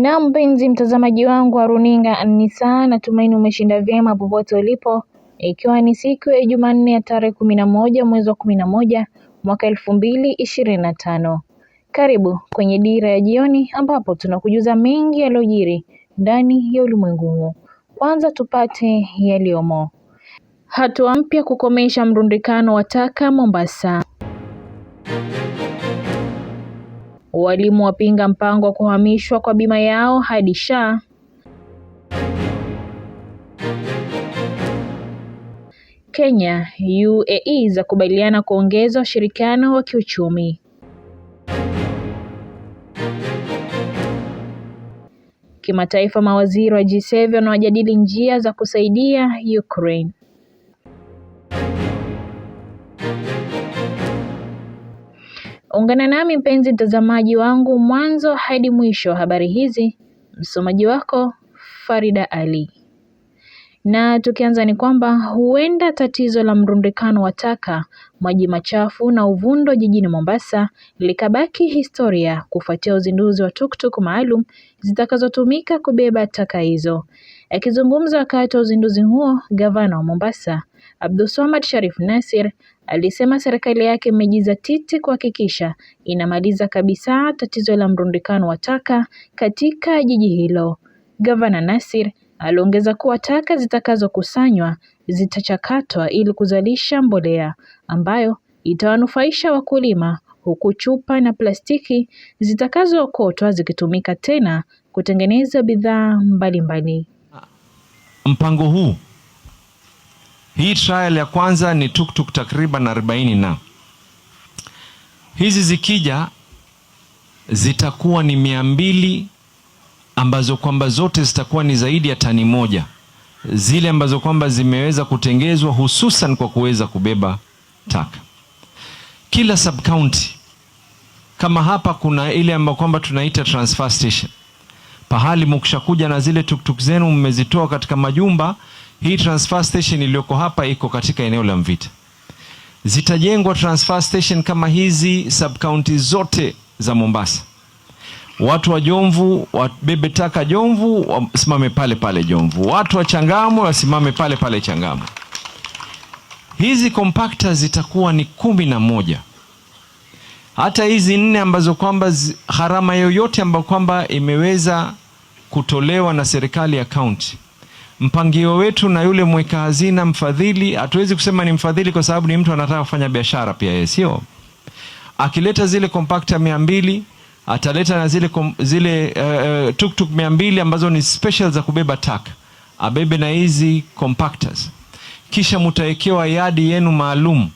na mpenzi mtazamaji wangu wa runinga ni saa natumaini umeshinda vyema popote ulipo, ikiwa ni siku ya Jumanne ya tarehe kumi na moja mwezi wa kumi na moja mwaka elfu mbili ishirini na tano Karibu kwenye Dira ya Jioni ambapo tunakujuza mengi yaliyojiri ndani ya ulimwengu huu. Kwanza tupate yaliyomo. Hatua mpya kukomesha mrundikano wa taka Mombasa. Walimu wapinga mpango wa kuhamishwa kwa bima yao hadi SHA. Kenya, UAE za kubaliana kuongeza ushirikiano wa kiuchumi. Kimataifa, mawaziri wa G7 wanajadili njia za kusaidia Ukraine. Ungana nami mpenzi mtazamaji wangu mwanzo hadi mwisho wa habari hizi. Msomaji wako Farida Ali. Na tukianza ni kwamba huenda tatizo la mrundikano wa taka, maji machafu na uvundo jijini Mombasa likabaki historia kufuatia uzinduzi wa tuktuk maalum zitakazotumika kubeba taka hizo. Akizungumza wakati wa uzinduzi huo, gavana wa Mombasa Abdulswamad Sharif nasir Alisema serikali yake imejizatiti kuhakikisha inamaliza kabisa tatizo la mrundikano wa taka katika jiji hilo. Gavana Nasir aliongeza kuwa taka zitakazokusanywa zitachakatwa ili kuzalisha mbolea ambayo itawanufaisha wakulima huku chupa na plastiki zitakazookotwa zikitumika tena kutengeneza bidhaa mbalimbali. Mpango huu hii trial ya kwanza ni tuktuk takriban arobaini na hizi zikija zitakuwa ni mia mbili ambazo kwamba zote zitakuwa ni zaidi ya tani moja zile ambazo kwamba zimeweza kutengezwa hususan kwa kuweza kubeba taka. Kila sub county kama hapa kuna ile ambayo kwamba tunaita transfer station, pahali mukishakuja na zile tuktuk zenu mmezitoa katika majumba hii transfer station iliyoko hapa iko katika eneo la Mvita. Zitajengwa transfer station kama hizi sub county zote za Mombasa. Watu wa Jomvu wabebe taka Jomvu, wasimame pale pale Jomvu. Watu wa Changamwe wasimame pale pale Changamwe. Hizi compactors zitakuwa ni kumi na moja. Hata hizi nne ambazo kwamba gharama yoyote ambayo kwamba imeweza kutolewa na serikali ya kaunti mpangio wetu na yule mweka hazina mfadhili, hatuwezi kusema ni mfadhili kwa sababu ni mtu anataka kufanya biashara pia yeye, sio? Akileta zile kompakta mia mbili ataleta na zile kom, zile uh, tuktuk mia mbili ambazo ni special za kubeba taka, abebe na hizi compactors, kisha mutawekewa yadi yenu maalum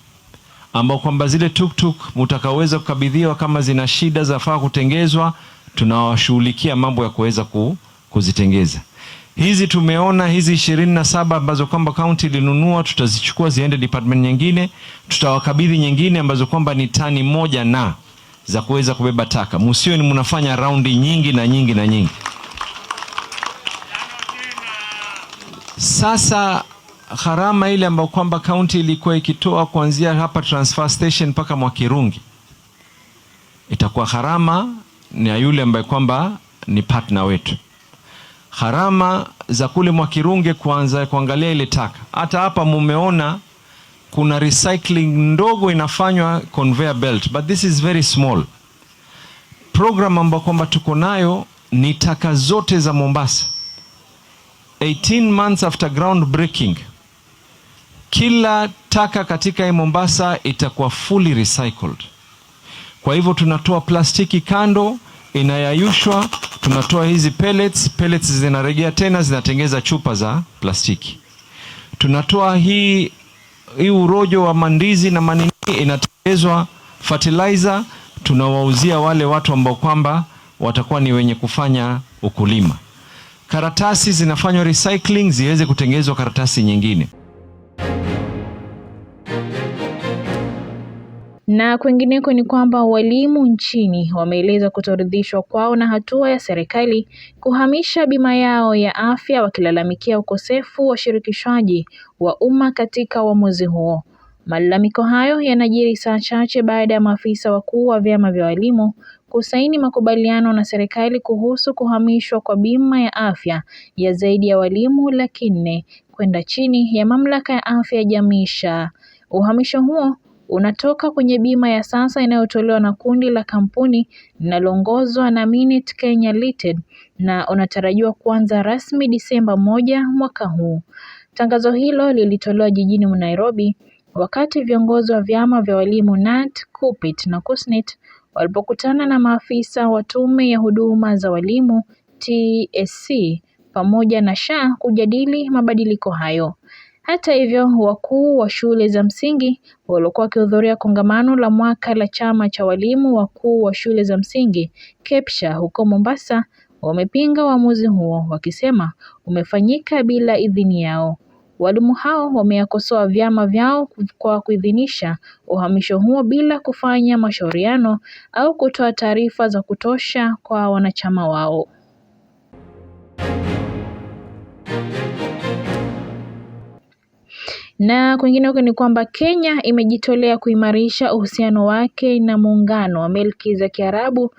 ambao kwamba zile tuktuk mtakaweza kukabidhiwa, kama zina shida zafaa kutengezwa, tunawashughulikia mambo ya kuweza kuzitengeza. Hizi tumeona hizi ishirini na saba ambazo kwamba kaunti ilinunua, tutazichukua ziende department nyingine, tutawakabidhi nyingine ambazo kwamba ni tani moja na za kuweza kubeba taka. Msio ni mnafanya raundi nyingi na nyingi na nyingi. Sasa gharama ile ambayo kwamba kaunti ilikuwa ikitoa kuanzia hapa transfer station mpaka Mwakirungi itakuwa gharama na yule ambaye kwamba ni partner wetu gharama za kule Mwakirunge kuanza kuangalia ile taka. Hata hapa mumeona kuna recycling ndogo inafanywa conveyor belt, but this is very small program ambayo kwamba tuko nayo ni taka zote za Mombasa 18 months after ground breaking, kila taka katika Mombasa itakuwa fully recycled. Kwa hivyo tunatoa plastiki kando, inayayushwa, tunatoa hizi pellets. Pellets zinarejea tena zinatengeza chupa za plastiki. Tunatoa hii hii urojo wa mandizi na manini inatengezwa fertilizer, tunawauzia wale watu ambao kwamba watakuwa ni wenye kufanya ukulima. Karatasi zinafanywa recycling ziweze kutengezwa karatasi nyingine. Na kwingineko ni kwamba walimu nchini wameeleza kutoridhishwa kwao na hatua ya serikali kuhamisha bima yao ya afya wakilalamikia ukosefu wa shirikishwaji wa umma katika uamuzi huo. Malalamiko hayo yanajiri saa chache baada ya maafisa wakuu wa vyama vya walimu kusaini makubaliano na serikali kuhusu kuhamishwa kwa bima ya afya ya zaidi ya walimu laki nne kwenda chini ya mamlaka ya afya ya jamii SHA. Uhamisho huo unatoka kwenye bima ya sasa inayotolewa na kundi la kampuni linaloongozwa na Minet Kenya Limited na unatarajiwa kuanza rasmi Disemba moja mwaka huu. Tangazo hilo lilitolewa jijini Nairobi wakati viongozi wa vyama vya walimu KNUT, KUPPET na KUSNET walipokutana na maafisa wa tume ya huduma za walimu TSC pamoja na SHA kujadili mabadiliko hayo. Hata hivyo wakuu wa shule za msingi waliokuwa wakihudhuria kongamano la mwaka la chama cha walimu wakuu wa shule za msingi KEPSHA huko Mombasa wamepinga uamuzi huo wakisema umefanyika bila idhini yao. Walimu hao wameyakosoa vyama vyao kwa kuidhinisha uhamisho huo bila kufanya mashauriano au kutoa taarifa za kutosha kwa wanachama wao. Na kwingineko ni kwamba Kenya imejitolea kuimarisha uhusiano wake na Muungano wa Milki za Kiarabu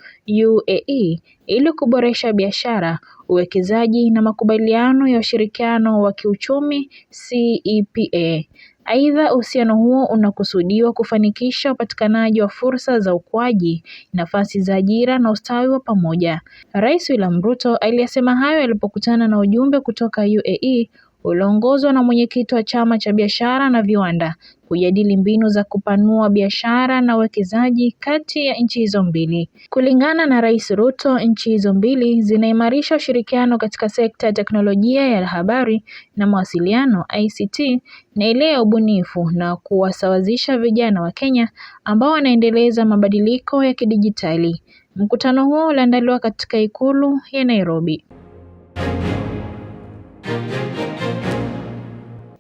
UAE ili kuboresha biashara, uwekezaji na makubaliano ya ushirikiano wa kiuchumi CEPA. Aidha, uhusiano huo unakusudiwa kufanikisha upatikanaji wa fursa za ukuaji, nafasi za ajira na ustawi wa pamoja. Rais William Ruto aliyasema hayo alipokutana na ujumbe kutoka UAE uliongozwa na mwenyekiti wa Chama cha Biashara na Viwanda kujadili mbinu za kupanua biashara na uwekezaji kati ya nchi hizo mbili. Kulingana na Rais Ruto, nchi hizo mbili zinaimarisha ushirikiano katika sekta ya teknolojia ya habari na mawasiliano ICT na ile ya ubunifu na kuwasawazisha vijana wa Kenya ambao wanaendeleza mabadiliko ya kidijitali. Mkutano huo uliandaliwa katika ikulu ya Nairobi.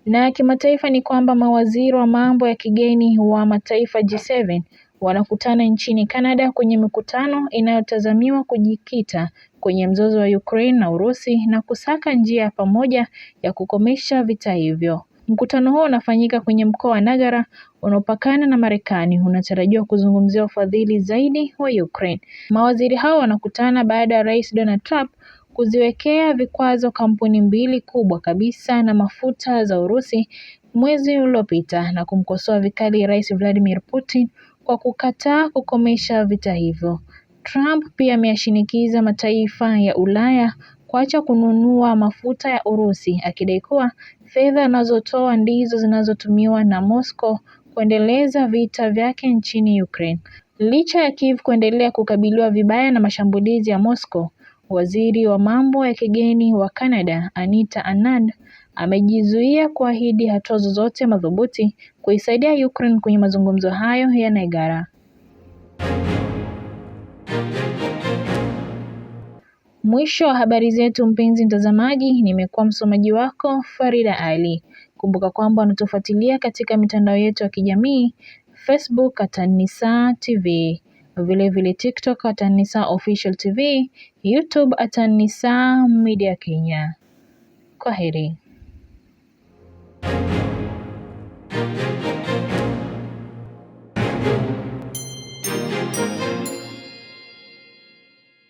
Na kimataifa ni kwamba mawaziri wa mambo ya kigeni wa mataifa G7 wanakutana nchini canada kwenye mikutano inayotazamiwa kujikita kwenye mzozo wa Ukraine na Urusi na kusaka njia ya pamoja ya kukomesha vita hivyo. Mkutano huo unafanyika kwenye mkoa wa Nagara unaopakana na Marekani, unatarajiwa kuzungumzia ufadhili zaidi wa Ukraine. Mawaziri hao wanakutana baada ya Rais Donald Trump kuziwekea vikwazo kampuni mbili kubwa kabisa na mafuta za Urusi mwezi uliopita na kumkosoa vikali Rais Vladimir Putin kwa kukataa kukomesha vita hivyo. Trump pia ameyashinikiza mataifa ya Ulaya kuacha kununua mafuta ya Urusi akidai kuwa fedha anazotoa ndizo zinazotumiwa na Moscow kuendeleza vita vyake nchini Ukraine. Licha ya Kiev kuendelea kukabiliwa vibaya na mashambulizi ya Moscow, Waziri wa mambo ya kigeni wa Canada Anita Anand amejizuia kuahidi hatua zozote madhubuti kuisaidia Ukraine kwenye mazungumzo hayo ya Niagara. Mwisho wa habari zetu, mpenzi mtazamaji. Nimekuwa msomaji wako Farida Ali. Kumbuka kwamba unatufuatilia katika mitandao yetu ya kijamii Facebook at Nisaa TV. Vile vile TikTok at Anisa Official TV, YouTube at Anisa Media Kenya. Kwaheri.